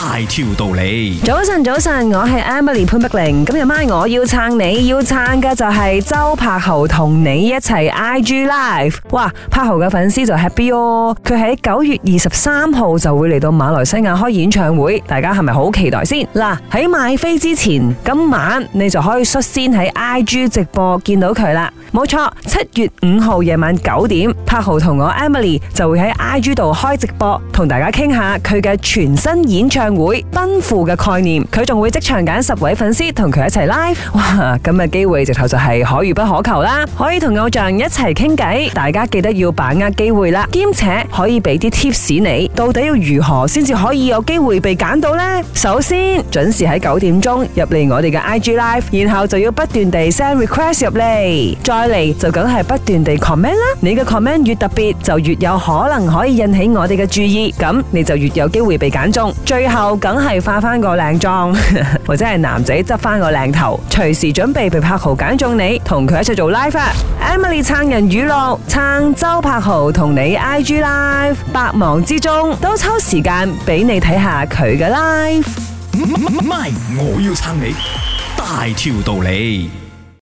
大條道理，早晨早晨，我係 Emily 潘碧玲，今日晚我要撐你要撐嘅就係周柏豪，同你一齊 IG live，哇，柏豪嘅粉絲就 happy 佢喺九月二十三號就會嚟到馬來西亞開演唱會，大家係咪好期待先？嗱、啊，喺買飛之前，今晚你就可以率先喺 IG 直播見到佢啦，冇錯，七月五號夜晚九點，柏豪同我 Emily 就會喺 IG 度開直播，同大家傾下佢嘅全新演唱會。會奔赴嘅概念，佢仲會即場揀十位粉絲同佢一齊 live。哇，咁嘅機會直頭就係可遇不可求啦！可以同偶像一齊傾偈，大家記得要把握機會啦。兼且可以俾啲 tips 你，到底要如何先至可以有機會被揀到呢？首先，準時喺九點鐘入嚟我哋嘅 IG live，然後就要不斷地 send request 入嚟，再嚟就梗係不斷地 comment 啦。你嘅 comment 越特別，就越有可能可以引起我哋嘅注意，咁你就越有機會被揀中。最後。就梗係化翻個靚妝，或者係男仔執翻個靚頭，隨時準備被柏豪揀中你，同佢一齊做 live。啊 Emily 撐人語錄，撐周柏豪同你 IG live，百忙之中都抽時間俾你睇下佢嘅 live。MY，我要撐你，大條道理。